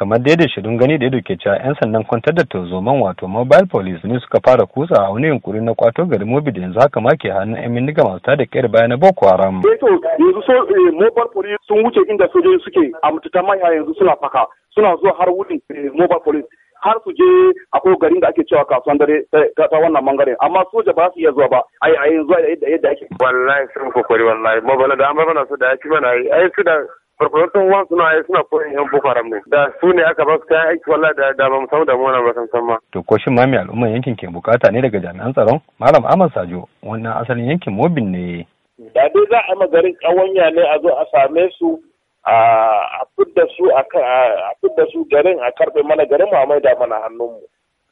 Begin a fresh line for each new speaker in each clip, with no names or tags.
kamar daidai shirin gani da ya ke cewa 'yan sandan kwantar da tarzoman wato mobile police ne suka fara kusa a wani yunkuri na kwato gari mobi da yanzu haka ma ke hannun 'yan bindiga masu tada kayar baya na boko haram. Eh to
yanzu so eh, mobile police sun wuce inda sojoji suke a mututan maya yanzu suna faka suna zuwa har wurin eh, mobile police har su je akwai garin da ake cewa kasuwan dare ta wannan mangare amma soja ba su iya zuwa ba a yanzu yadda ake. wallahi
sun kokori wallahi mobile da an bar mana su da ya ci mana
ai su da farkon wan suna ya eh, suna koyi yan boko haram ne da su
ne aka ba su kayan aiki wala da da ba mu samu na ba san ma
to ko shin ma yankin ke bukata ne daga jami'an tsaron malam Ahmad Sajo wannan asalin yankin Mobin ne
da dai za a magarin kawanya ne a zo a same su a fidda su a fidda su garin a karbe mana garin mu a maida mana hannun mu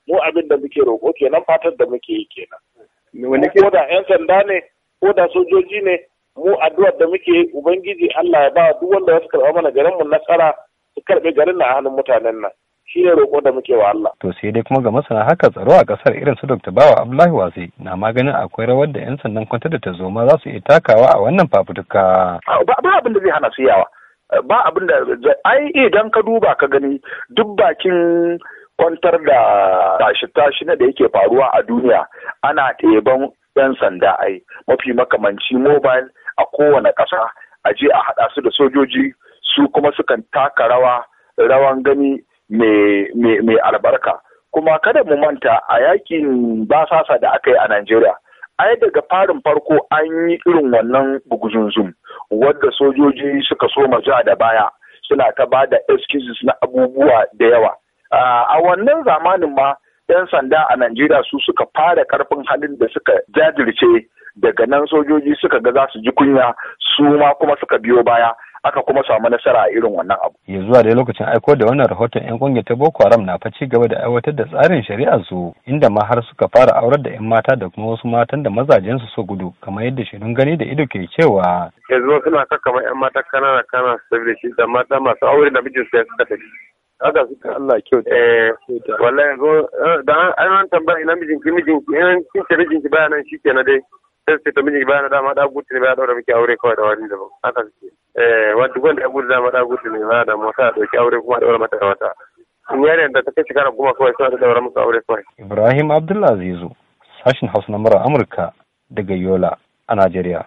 mu abin da muke roƙo kenan fatar da muke yi kenan ko da yan sanda ne ko da sojoji ne mu addu'ar da muke ubangiji Allah ya ba duk wanda ya karɓa mana garin mu nasara su karɓe garin na a hannun mutanen nan shi ne roƙo da muke wa Allah.
To sai dai kuma ga masana haka tsaro a ƙasar irin su Dr. Bawa Abdullahi Wase na maganin akwai rawar da 'yan sandan kwantar da tarzoma za su iya takawa a wannan fafutuka.
Ba abin da zai hana su yawa. Ba abin da ai idan ka duba ka gani duk bakin kwantar da tashi-tashi na da yake faruwa a duniya ana teban 'yan sanda ai mafi makamanci mobile a kowane ƙasa a je a haɗa su da sojoji su kuma sukan taka rawa rawan gani mai albarka kuma kada mu manta a yakin basasa da aka yi a Najeriya ai daga farin farko an yi irin wannan buguzunzum wadda sojoji suka so ja da baya suna ta ba da excuses na abubuwa da yawa a wannan zamanin ma 'yan sanda a Najeriya su suka fara karfin halin da suka jajirce daga nan sojoji suka ga za su ji kunya su ma kuma suka biyo baya aka kuma samu nasara a irin wannan abu.
Ya zuwa da lokacin aiko da wannan rahoton 'yan kungiyar ta Boko Haram na fa ci gaba da aiwatar da tsarin shari'ar su inda ma har suka fara aurar da 'yan mata da kuma wasu matan da mazajensu su so gudu kamar yadda shirin gani da ido ke cewa.
zuwa suna kakkama 'yan mata kanana kanana saboda shi da mata masu aure da mijinsu ya suka tafi. haka suka Allah kyau eh wallahi yanzu eh, da an an tambaya ina mijin ki mijin ki in kin ce mijin ki bayanan shikenan dai sai sai ta mijin bayana dama da gutu ne ba daura miki aure kawai da wani daban haka suke eh wanda gwanda da gutu dama da gutu ne ba da mota dauki aure kuma daura mata wata in yare da ta kai shekara goma kawai sai ta daura masa aure kawai
Ibrahim Abdullahi Azizu sashin Hausa na Amurka daga Yola a Najeriya